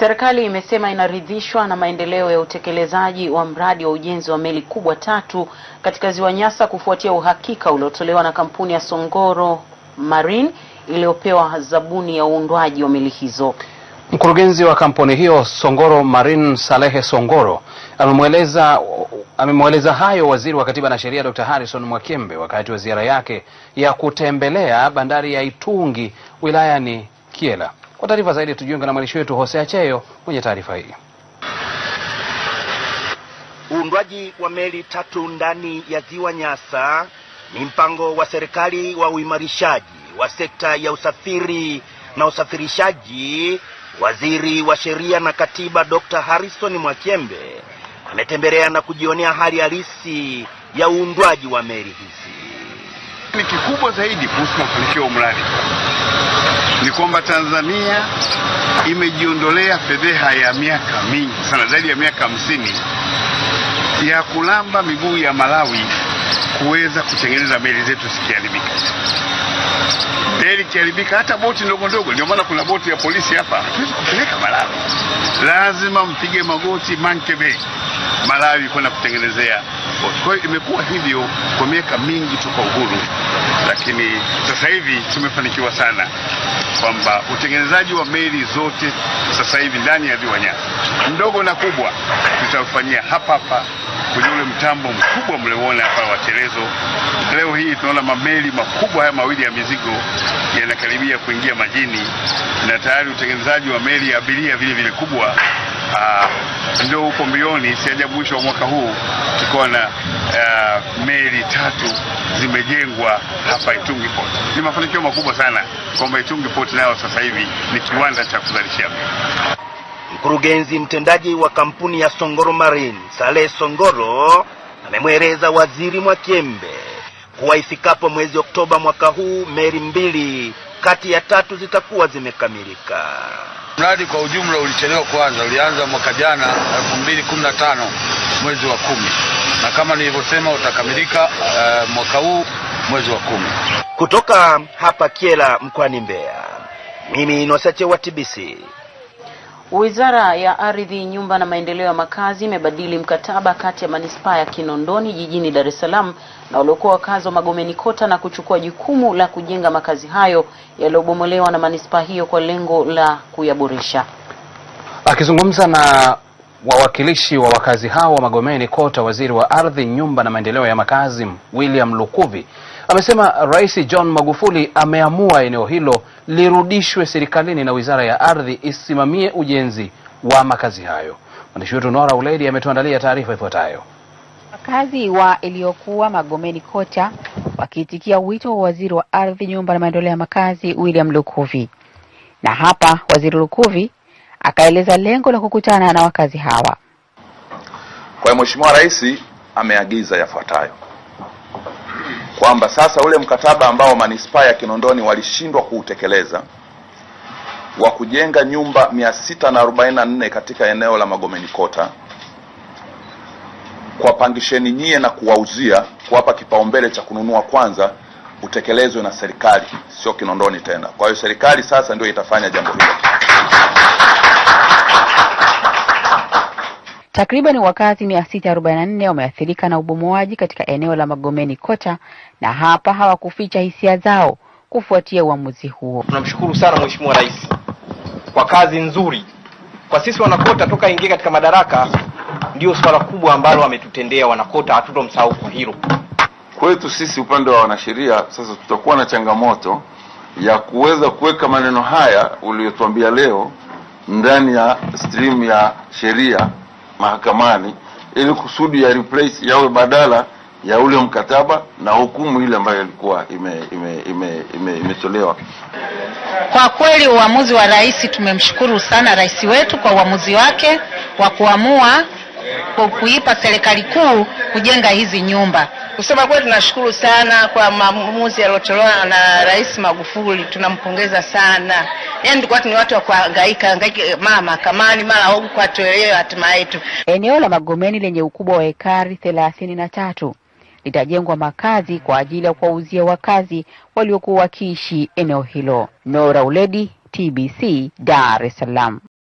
Serikali imesema inaridhishwa na maendeleo ya utekelezaji wa mradi wa ujenzi wa meli kubwa tatu katika Ziwa Nyasa kufuatia uhakika uliotolewa na kampuni ya Songoro Marine iliyopewa zabuni ya uundwaji wa meli hizo. Mkurugenzi wa kampuni hiyo Songoro Marine Salehe Songoro amemweleza amemweleza hayo waziri wa katiba na sheria Dr. Harrison Mwakembe wakati wa ziara yake ya kutembelea bandari ya Itungi wilayani kiela kwa taarifa zaidi tujiunge na mwandishi wetu Hosea Cheyo mwenye taarifa hii. Uundwaji wa meli tatu ndani ya ziwa Nyasa ni mpango wa serikali wa uimarishaji wa sekta ya usafiri na usafirishaji. Waziri wa Sheria na Katiba Dr. Harrison Mwakyembe ametembelea na kujionea hali halisi ya uundwaji wa meli hizi. Lakini kikubwa zaidi kuhusu mafanikio ya mradi ni kwamba Tanzania imejiondolea fedheha ya miaka mingi sana, zaidi ya miaka hamsini ya kulamba miguu ya Malawi kuweza kutengeneza meli zetu zikiharibika, meli ikiharibika, hata boti ndogo ndogo. Ndio maana kuna boti ya polisi hapa, hatuwezi kupeleka Malawi, lazima mpige magoti Mankebe, Malawi kwenda kutengenezea. Kwa hiyo imekuwa hivyo kwa miaka mingi toka uhuru, lakini sasa hivi tumefanikiwa sana kwamba utengenezaji wa meli zote sasa hivi ndani ya ziwa Nyasa, ndogo na kubwa, tutafanyia hapa hapa kwenye ule mtambo mkubwa mlioona hapa wa Chelezo. Leo hii tunaona mameli makubwa haya mawili ya mizigo yanakaribia kuingia majini, na tayari utengenezaji wa meli ya abiria vile vile kubwa Ah, ndio huko mbioni, si ajabu mwisho wa mwaka huu tukiwa na ah, meli tatu zimejengwa hapa Itungi Port. Ni mafanikio makubwa sana kwamba Itungi Port nayo sasa hivi ni kiwanda cha kuzalisha Mkurugenzi mtendaji wa kampuni ya Songoro Marine Saleh Songoro amemweleza Waziri Mwakyembe kuwa ifikapo mwezi Oktoba mwaka huu meli mbili kati ya tatu zitakuwa zimekamilika. Mradi kwa ujumla ulichelewa kuanza, ulianza mwaka jana 2015 mwezi wa kumi, na kama nilivyosema utakamilika uh, mwaka huu mwezi wa kumi. Kutoka hapa Kyela mkoani Mbeya, mimi ni wasache wa TBC. Wizara ya Ardhi, Nyumba na Maendeleo ya Makazi imebadili mkataba kati ya manispaa ya Kinondoni jijini Dar es Salaam na waliokuwa wakazi wa Magomeni Kota na kuchukua jukumu la kujenga makazi hayo yaliyobomolewa na manispaa hiyo kwa lengo la kuyaboresha. Akizungumza na wawakilishi wa wakazi hao wa Magomeni Kota, waziri wa Ardhi, Nyumba na Maendeleo ya Makazi William Lukuvi Amesema Rais John Magufuli ameamua eneo hilo lirudishwe serikalini na Wizara ya Ardhi isimamie ujenzi wa makazi hayo. Mwandishi wetu Nora Uledi ametuandalia taarifa ifuatayo. Wakazi wa iliyokuwa Magomeni Kota wakiitikia wito wa Waziri wa Ardhi, Nyumba na Maendeleo ya Makazi William Lukuvi. Na hapa Waziri Lukuvi akaeleza lengo la kukutana na wakazi hawa. Kwa Mheshimiwa Rais ameagiza yafuatayo: kwamba sasa ule mkataba ambao manispaa ya Kinondoni walishindwa kuutekeleza wa kujenga nyumba 644 katika eneo la Magomeni Kota kwa pangisheni nyie na kuwauzia, kuwapa kipaumbele cha kununua kwanza, utekelezwe na serikali, sio Kinondoni tena. Kwa hiyo serikali sasa ndio itafanya jambo hilo. Takriban wakazi 644 wameathirika na ubomoaji katika eneo la Magomeni Kota, na hapa hawakuficha hisia zao kufuatia uamuzi huo. Tunamshukuru sana Mheshimiwa Rais kwa kazi nzuri. Kwa sisi wanakota, toka ingie katika madaraka, ndio swala kubwa ambalo wametutendea wanakota, hatutomsahau kwa hilo. Kwetu sisi upande wa wanasheria, sasa tutakuwa na changamoto ya kuweza kuweka maneno haya uliyotuambia leo ndani ya stream ya sheria mahakamani ili kusudi ya replace yawe badala ya ule mkataba na hukumu ile ambayo ilikuwa imetolewa ime, ime, ime, ime. Kwa kweli uamuzi wa rais, tumemshukuru sana rais wetu kwa uamuzi wake wa kuamua kwa kuipa serikali kuu kujenga hizi nyumba. Kusema kweli, tunashukuru sana kwa maamuzi yaliyotolewa na Rais Magufuli, tunampongeza sana. Yani tulikuwa ni watu wa kuhangaika hangaika, mama mahakamani, mara huku, kwa tuelewe hatima yetu. Eneo la Magomeni lenye ukubwa wa ekari thelathini na tatu litajengwa makazi kwa ajili ya kuwauzia wakazi waliokuwa wakiishi eneo hilo. Nora Uledi, TBC, Dar es Salaam.